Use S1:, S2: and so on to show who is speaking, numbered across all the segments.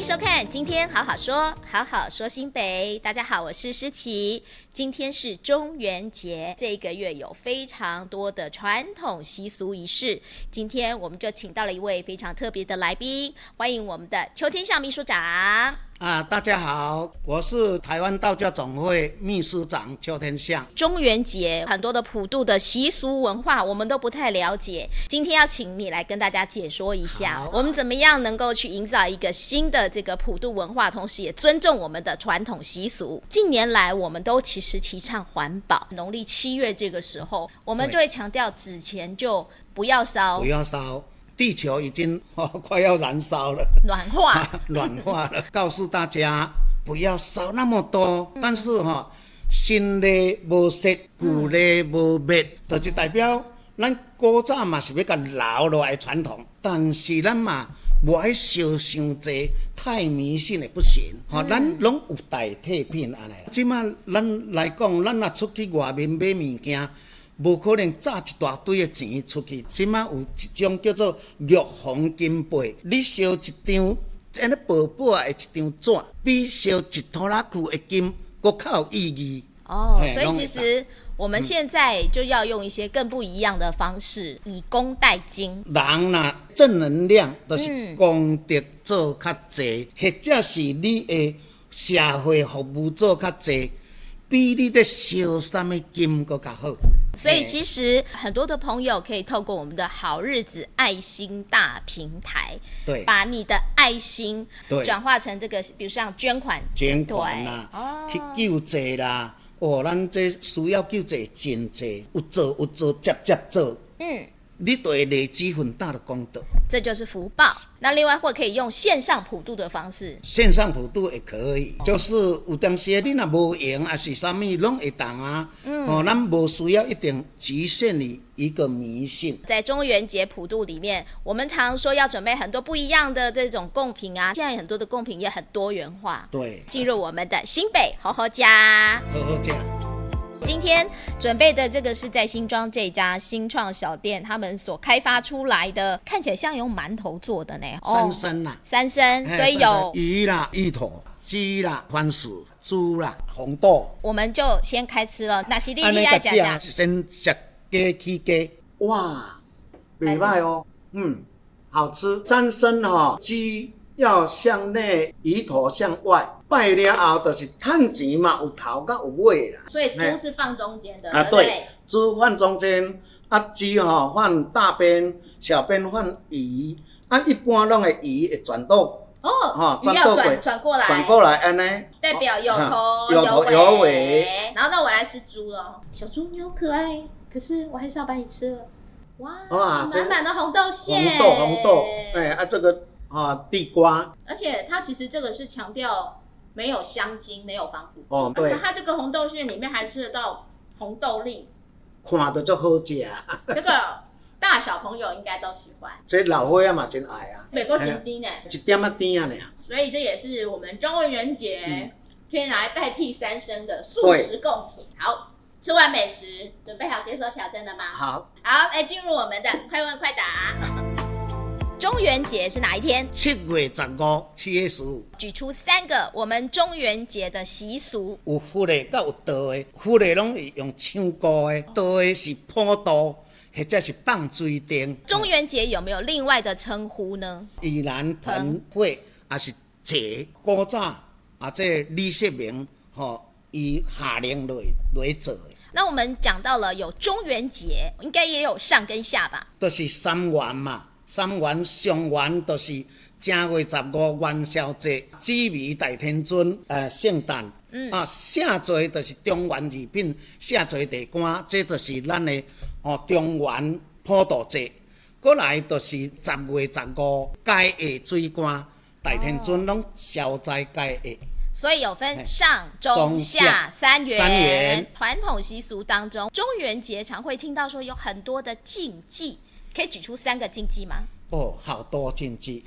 S1: 歡迎收看，今天好好說，好好說新北。大家好，我是詩琪。今天是中元節，這個月有非常多的傳統習俗儀式。今天我們就請到了一位非常特別的來賓，歡迎我們的邱天相秘書長。
S2: 啊，大家好，我是台灣道教總會秘書長邱天相。
S1: 中元節很多的普渡的習俗文化，我們都不太了解。今天要請你來跟大家解說一下，啊、我們怎麼樣能夠去營造一個新的這個普渡文化，同時也尊重我們的傳統習俗。近年來，我們都其實提倡環保。農曆七月這個時候，我們就會強調紙錢就不要燒，不要
S2: 燒。地球已經哈快要燃燒了，
S1: 暖化 ，
S2: 暖化了。 告訴大家不要燒那麼多，嗯、但是哈新的無息，舊的無滅，不嗯、就是代表咱古早嘛是要甲留落來傳統，但是咱嘛無愛燒傷濟，太迷信了不行。哈、嗯嗯，咱攏有代替品安尼。即馬咱來講，咱若出去外面買物件。無可能炸一大堆的錢出去。即馬有一種叫做玉皇金幣，你燒一張安尼薄薄的一張紙，比燒一拖拉庫的金閣較有意
S1: 義。哦，所以其實我們現在就要用一些更不一樣的方式，嗯、以功代金。
S2: 人吶、啊，正能量就是功德做較濟，或、嗯、者是你的社會服務做較濟，比你個燒啥物金閣較好。
S1: 所以其實很多的朋友可以透過我們的好日子愛心大平台，對，把你的愛心對轉化成這個，比如像捐款、捐款、啊、啦，哦，
S2: 去救濟啦，哦，咱這需要救濟，賑濟，有做有做，接接做，做，做，嗯。你都會累積很大的功德，
S1: 這就是福報。那另外或可以用線上普渡的方式，
S2: 線上普渡也可以。哦、就是有東西你那無用啊，還是什物攏會當啊。
S1: 嗯。哦，咱
S2: 無需要一定局限於一個迷信。
S1: 在中元節普渡裡面，我們常說要準備很多不一樣的這種供品啊。現在很多的供品也很多元化。對。進入我們的新北厚厚呷。厚厚呷。今天準備的這個是在新莊這家新創小店，他們所開發出來的，看起來像用饅頭做的呢。哦，三牲啊！三牲，所以有魚
S2: 啦、芋頭、雞啦、番薯、豬啦、紅豆，
S1: 我們就先開吃了。那西莉亞講一下。
S2: 先吃雞，吃雞。哇，美味哦，嗯，好吃。三牲哈、哦，雞要向內，魚頭向外。拜了後，就是賺錢嘛，有頭噶有尾啦。所以豬是
S1: 放中間的。欸、對啊對，
S2: 豬放中間，啊雞吼放大邊，小邊換魚，啊一般攏的魚會轉豆。哦，哈、啊，轉豆鬼。轉
S1: 過來，轉過來，安呢。代表有、哦、頭有尾，尾，尾。然後那我來吃豬咯，小豬你好可愛，可是我還是要把你吃了。哇，滿、啊、滿的紅豆餡、啊，紅豆紅豆，
S2: 哎啊這個啊地瓜，而
S1: 且它其實這個是強調。沒有香精，沒有防腐劑，哦、而且它這個紅豆餡裡面還吃得到紅豆粒，
S2: 看著就好吃、啊、 這
S1: 個大小朋友應該都喜歡，
S2: 這老伙仔嘛真
S1: 愛啊，美多甜
S2: 甜呢，一點啊甜啊，
S1: 所以這也是我們中元節可以拿來代替三牲的素食供品。好，吃完美食，準備好接受挑戰了嗎？好，好來進入我們的快問快答。 中元節是哪一天？
S2: 七月十五，七月十
S1: 五。舉出三個我們中元節的習俗，
S2: 有佛的，噶有道的，佛的攏用唱歌的，道、哦、的是普渡或者是放水燈。中
S1: 元節有沒有另外的稱呼呢？
S2: 盂蘭盆會，還是節，古早啊這歷史名，吼、哦、以夏令來來做。
S1: 那我們講到了有中元節，應該也有上跟下吧？
S2: 這、就是三元嘛。三元上元，就是正月十五元宵節，祭拜大天尊，呃，聖誕、嗯。啊，下座就是中元二品，下座地官這就是咱的哦，中元普渡節。再來就是十月十五，解厄水官，大、哦、天尊攏消災解厄。
S1: 所以有分上中、中下三元。三元。傳統習俗當中，中元節常會聽到說有很多的禁忌。可以舉出三個禁忌嗎？
S2: 哦，好多禁忌，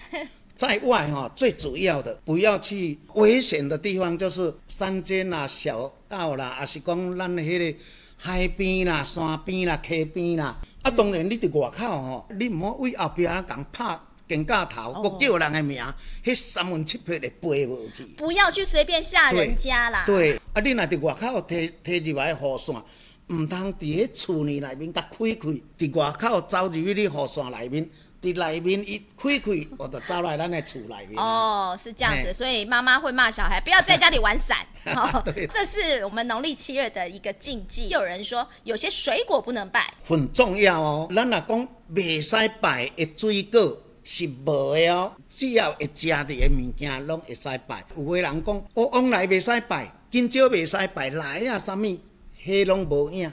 S2: 在外吼，最主要的不要去危險的地方，就是山間啦、小道啦，還是講咱的迄個海邊啦、山邊啦、溪邊啦、嗯。啊，當然你佇外口吼，你唔好為後邊仔講拍肩胛頭，我、哦、叫人個名，去、哦、三魂七魄的背無去。
S1: 不要去隨便嚇人家啦。對，對
S2: 啊，你若佇外口提提入來雨傘。唔通佇咧厝內面甲開開，佇外口走入去咧雨傘內面，佇內面一開開，我著走來咱的厝內面。 哦，
S1: 是這樣子，所以媽媽會罵小孩，不要在家裡玩傘。 哦、 對，這是我們農曆七月的一個禁忌。有人說，有些水果不能擺，
S2: 很重要哦。咱若講未使擺的水果，是無的哦，只要一食的嘅物件攏會使擺。有個人講，我、哦、旺來未使擺，
S1: 芎蕉未使擺，來啊，什麼？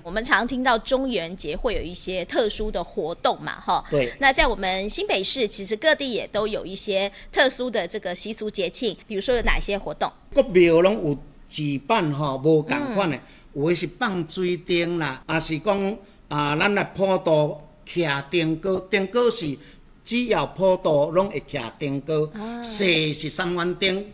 S1: 我們常聽到中元節會有一些特殊的活動嘛，哈。對。那在我們新北市，其實各地也都有一些特殊的這個習俗節慶，比如說有哪些活動？
S2: 各廟攏有舉辦吼，無同款的，嗯、有的是放水燈啦，啊是講啊，咱來普渡徛燈篙，燈篙是只要普渡攏會徛燈篙，四、啊、是三元燈，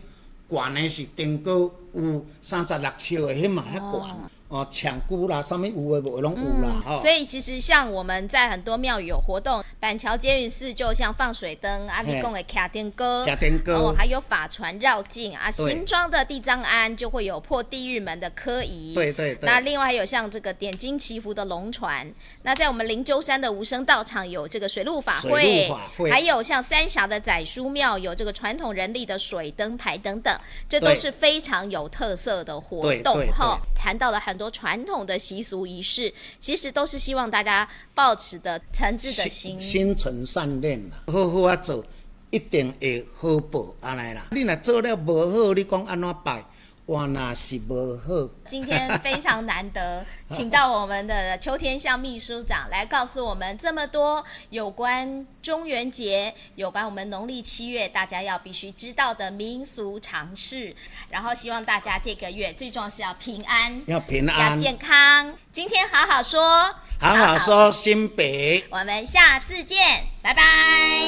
S2: 高的是燈篙有三十六尺的，起、啊、碼哦，搶孤啦，上面有誒，龍骨啦，哈、嗯哦。所以
S1: 其實像我們在很多廟宇有活動，板橋接雲寺就像放水燈，阿里貢誒卡天哥，卡天哥，哦，還有法船繞境啊，新莊的地藏庵就會有破地獄門的科儀，對對，對，
S2: 對，那另外
S1: 還有像這個點睛祈福的龍船，那在我們靈鷲山的無聲道場有這個水陸法，法會，還有像三峽的宰樞廟有這個傳統人力的水燈牌等等，這都是非常有特色的活動，哈。談、哦、到了很。很多傳統的習俗儀式，其實都是希望大家保持的誠摯的心，心
S2: 存善念，好好啊做，一定會好報啊來啦。你若做了不好，你講安怎辦？
S1: 今天非常難得， 請到我們的邱天相秘書長來告訴我們這麼多有關中元節、有關我們農曆七月大家要必須知道的民俗常識。然後希望大家這個月最重要是要平安，要平安，要健康。今天好好說，
S2: 好好說，好好說好好說新北，
S1: 我們下次見，拜拜。